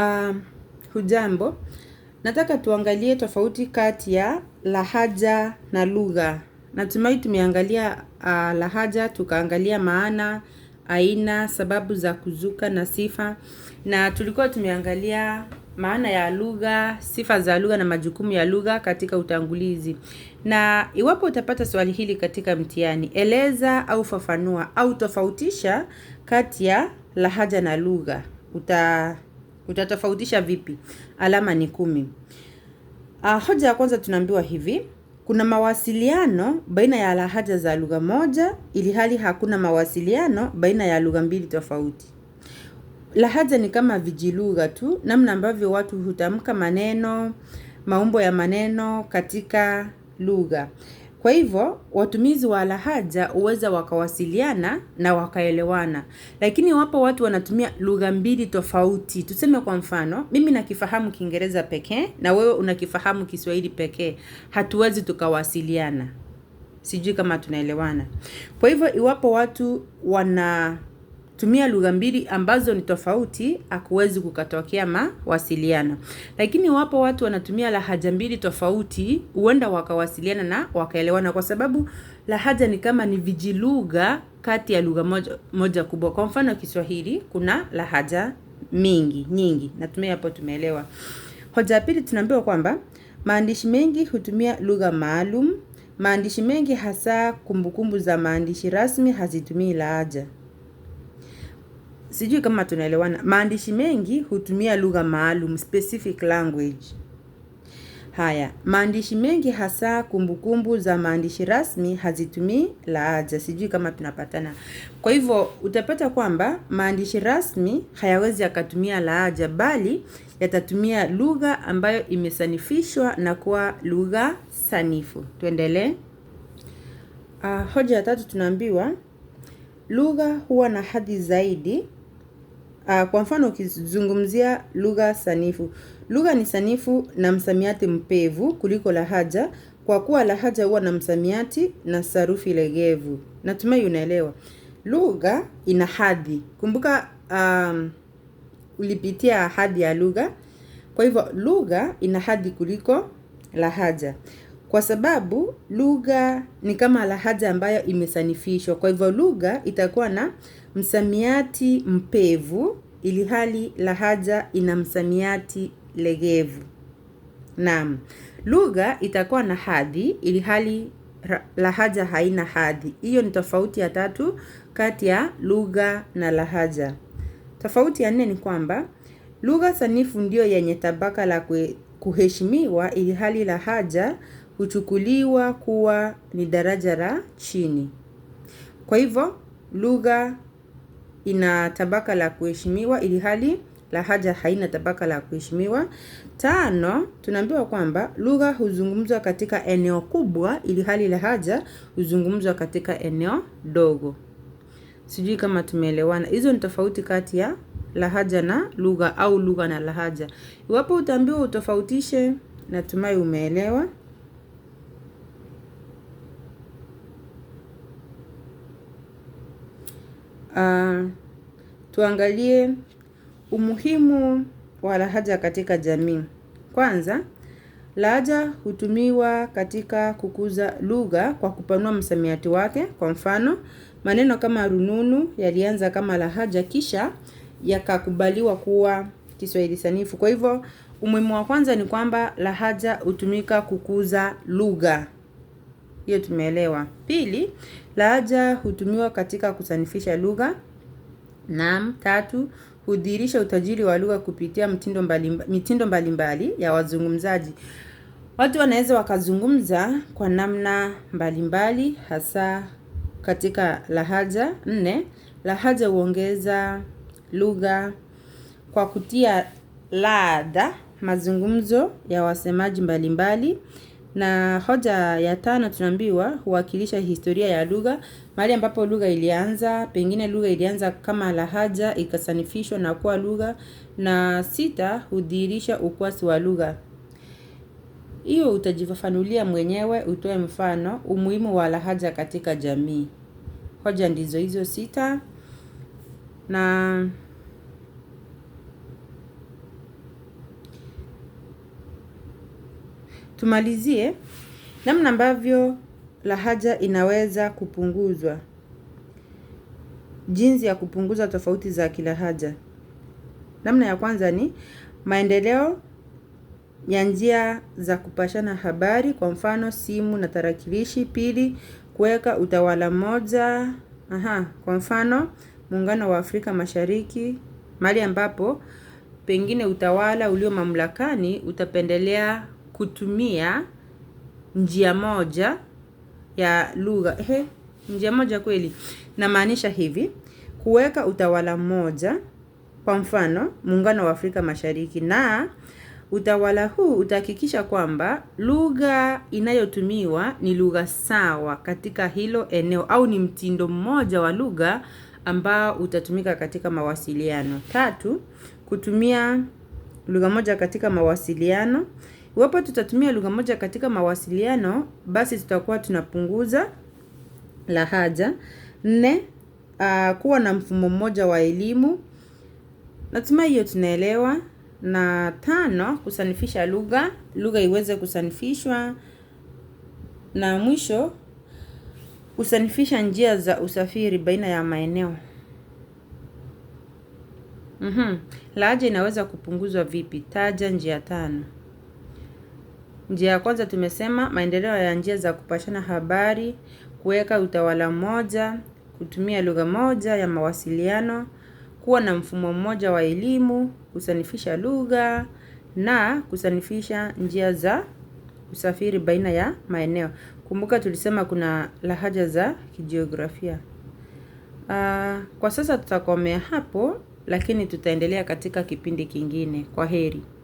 Ah, hujambo, nataka tuangalie tofauti kati ya lahaja na lugha. Natumai tumeangalia uh, lahaja, tukaangalia maana, aina, sababu za kuzuka na sifa, na tulikuwa tumeangalia maana ya lugha, sifa za lugha na majukumu ya lugha katika utangulizi. Na iwapo utapata swali hili katika mtihani, eleza au fafanua au tofautisha kati ya lahaja na lugha uta Utatofautisha vipi? Alama ni kumi. Uh, hoja ya kwanza tunaambiwa hivi kuna mawasiliano baina ya lahaja za lugha moja ili hali hakuna mawasiliano baina ya lugha mbili tofauti. Lahaja ni kama vijilugha tu, namna ambavyo watu hutamka maneno, maumbo ya maneno katika lugha. Kwa hivyo watumizi wa lahaja huweza wakawasiliana na wakaelewana, lakini wapo watu wanatumia lugha mbili tofauti. Tuseme kwa mfano, mimi nakifahamu Kiingereza pekee na wewe unakifahamu Kiswahili pekee, hatuwezi tukawasiliana. Sijui kama tunaelewana. Kwa hivyo iwapo watu wana tumia lugha mbili ambazo ni tofauti, hakuwezi kukatokea mawasiliano. Lakini wapo watu wanatumia lahaja mbili tofauti, huenda wakawasiliana na wakaelewana, kwa sababu lahaja ni kama ni vijilugha kati ya lugha moja, moja kubwa. Kwa mfano Kiswahili kuna lahaja mingi nyingi, natumia hapo, tumeelewa. Hoja ya pili tunaambiwa kwamba maandishi mengi hutumia lugha maalum. Maandishi mengi hasa kumbukumbu za maandishi rasmi hazitumii lahaja. Sijui kama tunaelewana. Maandishi mengi hutumia lugha maalum, specific language. Haya, maandishi mengi hasa kumbukumbu -kumbu za maandishi rasmi hazitumii laaja. Sijui kama tunapatana. Kwa hivyo utapata kwamba maandishi rasmi hayawezi yakatumia laaja, bali yatatumia lugha ambayo imesanifishwa na kuwa lugha sanifu. Tuendelee. Uh, hoja ya tatu tunaambiwa lugha huwa na hadhi zaidi Ah, kwa mfano ukizungumzia lugha sanifu. Lugha ni sanifu na msamiati mpevu kuliko lahaja kwa kuwa lahaja huwa na msamiati na sarufi legevu. Natumai unaelewa. Lugha ina hadhi. Kumbuka ah, ulipitia hadhi ya lugha. Kwa hivyo lugha ina hadhi kuliko lahaja kwa sababu lugha ni kama lahaja ambayo imesanifishwa. Kwa hivyo lugha itakuwa na msamiati mpevu, ili hali lahaja ina msamiati legevu. Naam, lugha itakuwa na hadhi, ili hali lahaja haina hadhi. Hiyo ni tofauti ya tatu kati ya lugha na lahaja. Tofauti ya nne ni kwamba lugha sanifu ndio yenye tabaka la kuheshimiwa, ili hali lahaja huchukuliwa kuwa ni daraja la chini. Kwa hivyo lugha ina tabaka la kuheshimiwa ili hali lahaja haina tabaka la kuheshimiwa. Tano, tunaambiwa kwamba lugha huzungumzwa katika eneo kubwa ili hali lahaja huzungumzwa katika eneo dogo. Sijui kama tumeelewana. Hizo ni tofauti kati ya lahaja na lugha au lugha na lahaja. Iwapo utaambiwa utofautishe, natumai umeelewa. Uh, tuangalie umuhimu wa lahaja katika jamii. Kwanza, lahaja hutumiwa katika kukuza lugha kwa kupanua msamiati wake. Kwa mfano, maneno kama rununu yalianza kama lahaja kisha yakakubaliwa kuwa Kiswahili sanifu. Kwa hivyo, umuhimu wa kwanza ni kwamba lahaja hutumika kukuza lugha hiyo tumeelewa. Pili, lahaja hutumiwa katika kusanifisha lugha. Naam. Tatu, hudhihirisha utajiri wa lugha kupitia mtindo mbalimbali, mitindo mbalimbali ya wazungumzaji. Watu wanaweza wakazungumza kwa namna mbalimbali mbali, hasa katika lahaja. Nne, lahaja huongeza lugha kwa kutia ladha mazungumzo ya wasemaji mbalimbali mbali. Na hoja ya tano tunaambiwa huwakilisha historia ya lugha, mahali ambapo lugha ilianza, pengine lugha ilianza kama lahaja ikasanifishwa na kuwa lugha. Na sita hudhihirisha ukwasi wa lugha. Hiyo utajifafanulia mwenyewe utoe mfano umuhimu wa lahaja katika jamii. Hoja ndizo hizo sita na. Tumalizie namna ambavyo lahaja inaweza kupunguzwa. Jinsi ya kupunguza tofauti za kilahaja. Namna ya kwanza ni maendeleo ya njia za kupashana habari, kwa mfano simu na tarakilishi. Pili, kuweka utawala mmoja. Aha, kwa mfano Muungano wa Afrika Mashariki, mahali ambapo pengine utawala ulio mamlakani utapendelea kutumia njia moja ya lugha. Ehe, njia moja kweli? Namaanisha hivi, kuweka utawala mmoja, kwa mfano Muungano wa Afrika Mashariki, na utawala huu utahakikisha kwamba lugha inayotumiwa ni lugha sawa katika hilo eneo, au ni mtindo mmoja wa lugha ambao utatumika katika mawasiliano. Tatu, kutumia lugha moja katika mawasiliano. Iwapo tutatumia lugha moja katika mawasiliano, basi tutakuwa tunapunguza lahaja. Nne, uh, kuwa na mfumo mmoja wa elimu. Natumai hiyo tunaelewa. Na tano, kusanifisha lugha, lugha iweze kusanifishwa. Na mwisho, kusanifisha njia za usafiri baina ya maeneo. Mm-hmm. Lahaja inaweza kupunguzwa vipi? Taja njia tano. Njia ya kwanza tumesema maendeleo ya njia za kupashana habari, kuweka utawala mmoja, kutumia lugha moja ya mawasiliano, kuwa na mfumo mmoja wa elimu, kusanifisha lugha na kusanifisha njia za usafiri baina ya maeneo. Kumbuka tulisema kuna lahaja za kijiografia. Uh, kwa sasa tutakomea hapo lakini tutaendelea katika kipindi kingine. Kwa heri.